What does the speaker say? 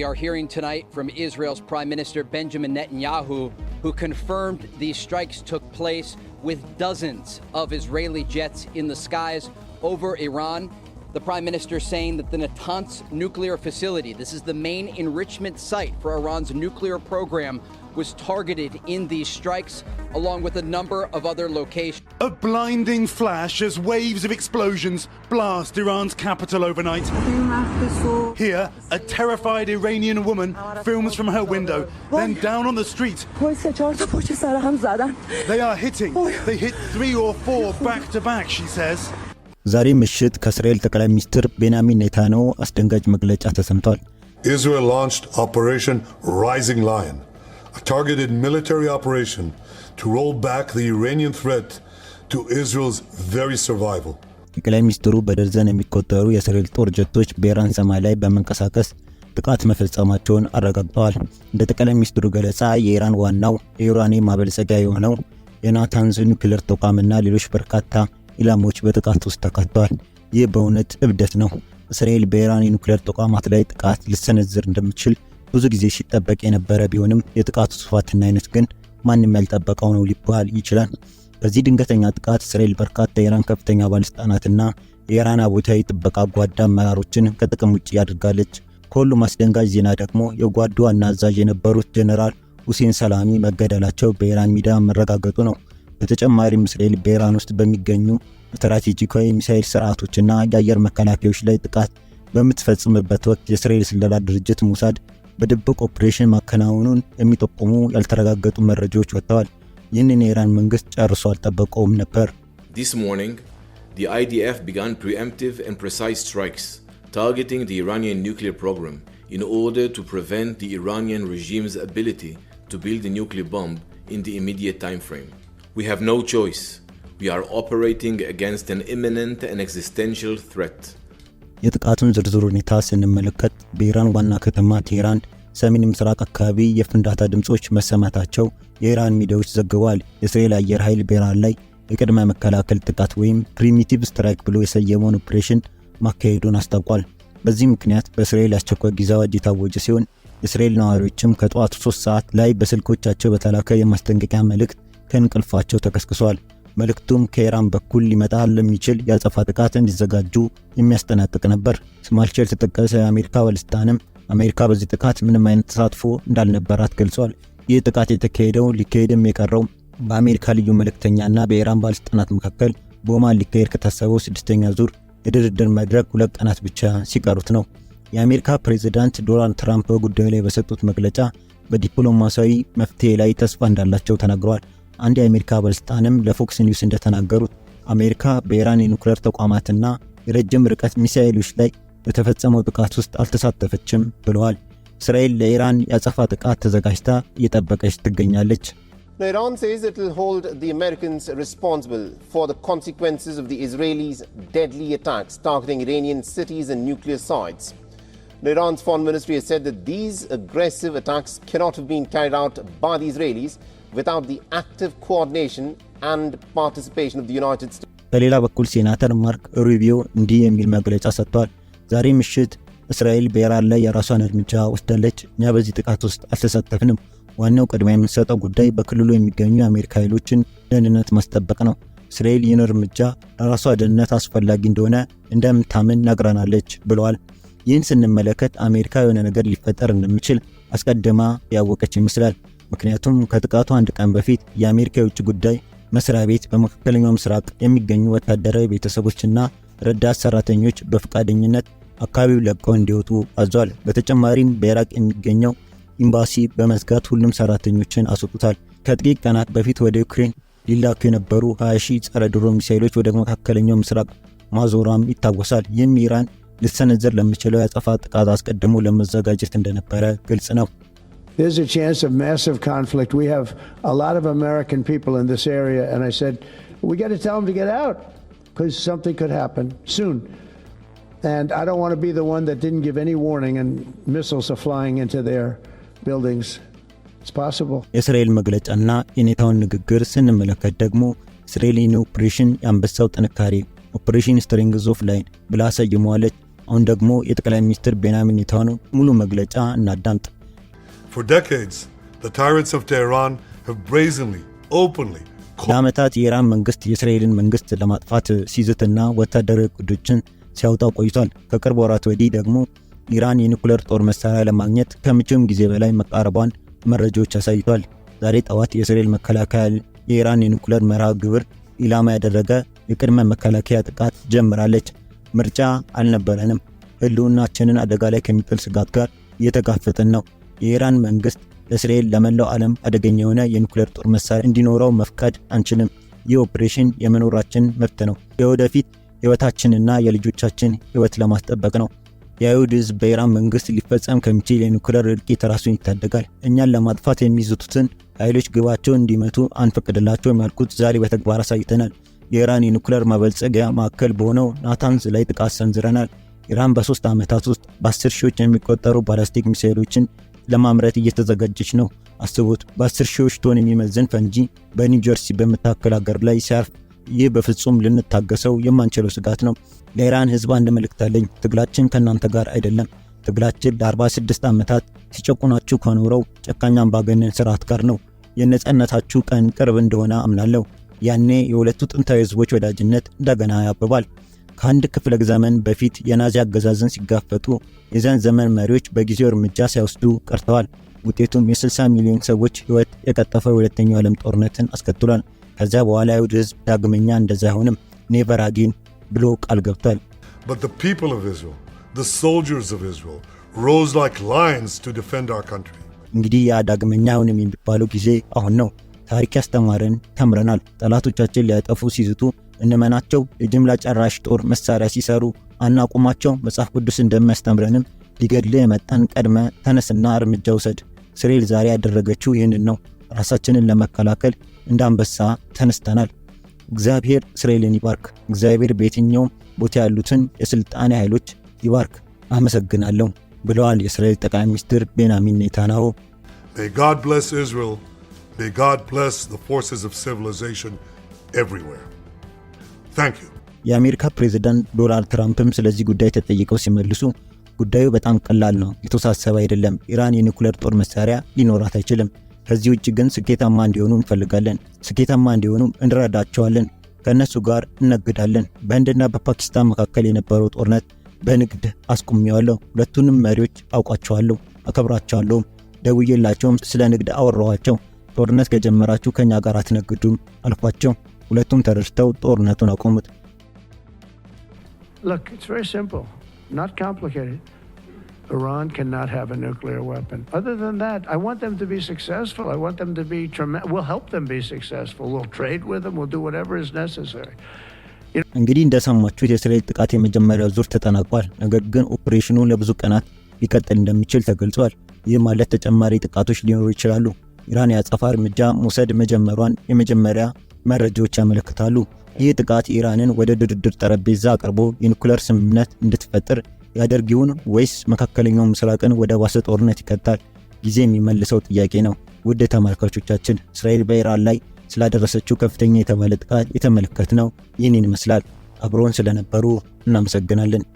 We are hearing tonight from Israel's Prime Minister Benjamin Netanyahu, who confirmed these strikes took place with dozens of Israeli jets in the skies over Iran. The Prime Minister saying that the Natanz nuclear facility, this is the main enrichment site for Iran's nuclear program, was targeted in these strikes, along with a number of other locations. A blinding flash as waves of explosions blast Iran's capital overnight. Here, a terrified Iranian woman films from her window, then down on the street. They are hitting. They hit three or four back to back, she says. ዛሬ ምሽት ከእስራኤል ጠቅላይ ሚኒስትር ቤንያሚን ኔታንያሁ አስደንጋጭ መግለጫ ተሰምቷል። Israel launched Operation Rising Lion. a targeted military operation to roll back the Iranian threat to Israel's very survival. ጠቅላይ ሚኒስትሩ በደርዘን የሚቆጠሩ የእስራኤል ጦር ጀቶች በኢራን ሰማይ ላይ በመንቀሳቀስ ጥቃት መፈጸማቸውን አረጋግጠዋል። እንደ ጠቅላይ ሚኒስትሩ ገለጻ የኢራን ዋናው የዩራኒየም ማበልጸጊያ የሆነው የናታንዝ ኒውክሌር ተቋምና ሌሎች በርካታ ኢላማዎች በጥቃት ውስጥ ተካተዋል። ይህ በእውነት እብደት ነው። እስራኤል በኢራን የኒውክሌር ተቋማት ላይ ጥቃት ሊሰነዝር እንደምትችል ብዙ ጊዜ ሲጠበቅ የነበረ ቢሆንም የጥቃቱ ስፋትና አይነት ግን ማንም ያልጠበቀው ነው ሊባል ይችላል። በዚህ ድንገተኛ ጥቃት እስራኤል በርካታ የኢራን ከፍተኛ ባለስልጣናትና የኢራን አብዮታዊ ጥበቃ ጓድ አመራሮችን ከጥቅም ውጭ አድርጋለች። ከሁሉም አስደንጋጭ ዜና ደግሞ የጓዱ ዋና አዛዥ የነበሩት ጀነራል ሁሴን ሰላሚ መገደላቸው በኢራን ሚዲያ መረጋገጡ ነው። በተጨማሪም እስራኤል በኢራን ውስጥ በሚገኙ ስትራቴጂካዊ ሚሳኤል ስርዓቶችና የአየር መከላከያዎች ላይ ጥቃት በምትፈጽምበት ወቅት የእስራኤል ስለላ ድርጅት ሙሳድ በድብቅ ኦፕሬሽን ማከናወኑን የሚጠቁሙ ያልተረጋገጡ መረጃዎች ወጥተዋል። ይህንን የኢራን መንግስት ጨርሶ አልጠበቀውም ነበር። This morning, the IDF began preemptive and precise strikes targeting the Iranian nuclear program in order to prevent the Iranian regime's ability to build a nuclear bomb in the immediate time frame. We have no choice. We are operating against an imminent and existential threat. የጥቃቱን ዝርዝር ሁኔታ ስንመለከት በኢራን ዋና ከተማ ቴህራን ሰሜን ምስራቅ አካባቢ የፍንዳታ ድምፆች መሰማታቸው የኢራን ሚዲያዎች ዘግበዋል። የእስራኤል አየር ኃይል በኢራን ላይ የቅድመ መከላከል ጥቃት ወይም ፕሪሚቲቭ ስትራይክ ብሎ የሰየመውን ኦፕሬሽን ማካሄዱን አስታውቋል። በዚህ ምክንያት በእስራኤል አስቸኳይ ጊዜ አዋጅ የታወጀ ሲሆን የእስራኤል ነዋሪዎችም ከጠዋቱ 3 ሰዓት ላይ በስልኮቻቸው በተላከ የማስጠንቀቂያ መልእክት ከእንቅልፋቸው ተቀስቅሰዋል። መልእክቱም ከኢራን በኩል ሊመጣ ለሚችል የአጸፋ ጥቃት እንዲዘጋጁ የሚያስጠናቅቅ ነበር። ስማልቼል የተጠቀሰ የአሜሪካ ባለስልጣንም አሜሪካ በዚህ ጥቃት ምንም አይነት ተሳትፎ እንዳልነበራት ገልጿል። ይህ ጥቃት የተካሄደው ሊካሄድም የቀረው በአሜሪካ ልዩ መልእክተኛና በኢራን ባለስልጣናት መካከል በኦማን ሊካሄድ ከታሰበው ስድስተኛ ዙር የድርድር መድረክ ሁለት ቀናት ብቻ ሲቀሩት ነው። የአሜሪካ ፕሬዚዳንት ዶናልድ ትራምፕ በጉዳዩ ላይ በሰጡት መግለጫ በዲፕሎማሲያዊ መፍትሄ ላይ ተስፋ እንዳላቸው ተናግረዋል። አንድ የአሜሪካ ባለሥልጣንም ለፎክስ ኒውስ እንደተናገሩት አሜሪካ በኢራን የኑክሌር ተቋማትና የረጅም ርቀት ሚሳኤሎች ላይ በተፈጸመው ጥቃት ውስጥ አልተሳተፈችም ብለዋል። እስራኤል ለኢራን ያጸፋ ጥቃት ተዘጋጅታ እየጠበቀች ትገኛለች። ኢራን says it will hold the Americans responsible for the The Iran's foreign ministry has said that these aggressive attacks cannot have been carried out by the Israelis without the active coordination and participation of the United States. በሌላ በኩል ሴናተር ማርክ ሩቢዮ እንዲህ የሚል መግለጫ ሰጥቷል። ዛሬ ምሽት እስራኤል በኢራን ላይ የራሷን እርምጃ ወስዳለች። እኛ በዚህ ጥቃት ውስጥ አልተሳተፍንም። ዋናው ቅድሚያ የምንሰጠው ጉዳይ በክልሉ የሚገኙ የአሜሪካ ኃይሎችን ደህንነት ማስጠበቅ ነው። እስራኤል ይህን እርምጃ ለራሷ ደህንነት አስፈላጊ እንደሆነ እንደምታምን ነግረናለች ብለዋል። ይህን ስንመለከት አሜሪካ የሆነ ነገር ሊፈጠር እንደሚችል አስቀድማ ያወቀች ይመስላል። ምክንያቱም ከጥቃቱ አንድ ቀን በፊት የአሜሪካ የውጭ ጉዳይ መስሪያ ቤት በመካከለኛው ምስራቅ የሚገኙ ወታደራዊ ቤተሰቦችና ረዳት ሰራተኞች በፈቃደኝነት አካባቢው ለቀው እንዲወጡ አዟል። በተጨማሪም በኢራቅ የሚገኘው ኢምባሲ በመዝጋት ሁሉም ሰራተኞችን አስወጡታል። ከጥቂት ቀናት በፊት ወደ ዩክሬን ሊላኩ የነበሩ 20 ሺህ ጸረ ድሮ ሚሳይሎች ወደ መካከለኛው ምስራቅ ማዞሯም ይታወሳል። ይህም ኢራን ሊሰነዘር ለሚችለው ያጸፋ ጥቃት አስቀድሞ ለመዘጋጀት እንደነበረ ግልጽ ነው። የእስራኤል መግለጫና የኔታውን ንግግር ስንመለከት ደግሞ እስራኤል ኦፕሬሽን የአንበሳው ጥንካሬ ኦፕሬሽን ስትሪንግዝ ኦፍ ላይን ብላ ሰይመዋለች። አሁን ደግሞ የጠቅላይ ሚኒስትር ቤንያሚን ኔታንያሁ ሙሉ መግለጫ እናዳምጥ። ለዓመታት የኢራን መንግስት የእስራኤልን መንግስት ለማጥፋት ሲዝትና ወታደራዊ እቅዶችን ሲያወጣ ቆይቷል። ከቅርብ ወራት ወዲህ ደግሞ ኢራን የኒኩለር ጦር መሳሪያ ለማግኘት ከምችም ጊዜ በላይ መቃረቧን መረጃዎች አሳይቷል። ዛሬ ጠዋት የእስራኤል መከላከያ የኢራን የኒኩለር መርሃ ግብር ኢላማ ያደረገ የቅድመ መከላከያ ጥቃት ጀምራለች። ምርጫ አልነበረንም። ህልውናችንን አደጋ ላይ ከሚጥል ስጋት ጋር እየተጋፈጥን ነው። የኢራን መንግስት እስራኤል ለመላው ዓለም አደገኛ የሆነ የኒኩሌር ጦር መሳሪያ እንዲኖረው መፍቀድ አንችልም። ይህ ኦፕሬሽን የመኖራችን መብት ነው። የወደፊት ህይወታችንና የልጆቻችን ህይወት ለማስጠበቅ ነው። የአይሁድ ህዝብ በኢራን መንግስት ሊፈጸም ከሚችል የኒኩሌር እልቂት ራሱን ይታደጋል። እኛን ለማጥፋት የሚዝቱትን ኃይሎች ግባቸውን እንዲመቱ አንፈቅድላቸው ያልኩት ዛሬ በተግባር አሳይተናል። የኢራን የኒኩሌር ማበልጸጊያ ማዕከል በሆነው ናታንዝ ላይ ጥቃት ሰንዝረናል። ኢራን በሶስት ዓመታት ውስጥ በአስር ሺዎች የሚቆጠሩ ባላስቲክ ሚሳይሎችን ለማምረት እየተዘጋጀች ነው። አስቡት፣ በአስር ሺዎች ቶን የሚመዝን ፈንጂ በኒውጀርሲ በምታክል አገር ላይ ሲያርፍ፣ ይህ በፍጹም ልንታገሰው የማንችለው ስጋት ነው። ለኢራን ህዝብ አንድ መልእክት አለኝ። ትግላችን ከእናንተ ጋር አይደለም። ትግላችን ለ46 ዓመታት ሲጨቁናችሁ ከኖረው ጨካኝ አምባገነን ስርዓት ጋር ነው። የነጻነታችሁ ቀን ቅርብ እንደሆነ አምናለሁ። ያኔ የሁለቱ ጥንታዊ ህዝቦች ወዳጅነት እንደገና ያብባል። ከአንድ ክፍለ ዘመን በፊት የናዚ አገዛዝን ሲጋፈጡ የዚያን ዘመን መሪዎች በጊዜው እርምጃ ሳይወስዱ ቀርተዋል። ውጤቱም የ60 ሚሊዮን ሰዎች ህይወት የቀጠፈ የሁለተኛው ዓለም ጦርነትን አስከትሏል። ከዚያ በኋላ አይሁድ ህዝብ ዳግመኛ እንደዚ አይሆንም ኔቨር አጊን ብሎ ቃል ገብቷል። እንግዲህ ያ ዳግመኛ አሁንም የሚባለው ጊዜ አሁን ነው። ታሪክ ያስተማረን ተምረናል። ጠላቶቻችን ሊያጠፉ ሲዝቱ እንመናቸው። የጅምላ ጨራሽ ጦር መሳሪያ ሲሰሩ አናቁማቸው። መጽሐፍ ቅዱስ እንደሚያስተምረንም ሊገድል የመጣን ቀድመ ተነስና እርምጃ ውሰድ። እስራኤል ዛሬ ያደረገችው ይህንን ነው። ራሳችንን ለመከላከል እንደ አንበሳ ተነስተናል። እግዚአብሔር እስራኤልን ይባርክ። እግዚአብሔር በየትኛውም ቦታ ያሉትን የስልጣኔ ኃይሎች ይባርክ። አመሰግናለሁ ብለዋል የእስራኤል ጠቅላይ ሚኒስትር ቤንያሚን ኔታንያሁ። May God bless the forces of civilization everywhere. Thank you. የአሜሪካ ፕሬዝዳንት ዶናልድ ትራምፕም ስለዚህ ጉዳይ ተጠይቀው ሲመልሱ ጉዳዩ በጣም ቀላል ነው፣ የተወሳሰበ አይደለም። ኢራን የኒኩሌር ጦር መሳሪያ ሊኖራት አይችልም። ከዚህ ውጭ ግን ስኬታማ እንዲሆኑ እንፈልጋለን። ስኬታማ እንዲሆኑ እንረዳቸዋለን። ከእነሱ ጋር እነግዳለን። በህንድና በፓኪስታን መካከል የነበረው ጦርነት በንግድ አስቁሜዋለሁ። ሁለቱንም መሪዎች አውቋቸዋለሁ፣ አከብራቸዋለሁም። ደውዬላቸውም ስለ ንግድ አወራኋቸው። ጦርነት ከጀመራችሁ ከኛ ጋር አትነግዱም አልኳቸው። ሁለቱም ተረድተው ጦርነቱን አቆሙት። እንግዲህ እንደሰማችሁት የእስራኤል ጥቃት የመጀመሪያው ዙር ተጠናቋል። ነገር ግን ኦፕሬሽኑ ለብዙ ቀናት ሊቀጥል እንደሚችል ተገልጿል። ይህ ማለት ተጨማሪ ጥቃቶች ሊኖሩ ይችላሉ። ኢራን የአጸፋ እርምጃ መውሰድ መጀመሯን የመጀመሪያ መረጃዎች ያመለክታሉ። ይህ ጥቃት ኢራንን ወደ ድርድር ጠረጴዛ አቅርቦ የኒኩለር ስምምነት እንድትፈጥር ያደርግ ይሆን ወይስ መካከለኛው ምስራቅን ወደ ባሰ ጦርነት ይከታል? ጊዜ የሚመልሰው ጥያቄ ነው። ውድ ተመልካቾቻችን እስራኤል በኢራን ላይ ስላደረሰችው ከፍተኛ የተባለ ጥቃት የተመለከት ነው ይህንን ይመስላል። አብሮን ስለነበሩ እናመሰግናለን።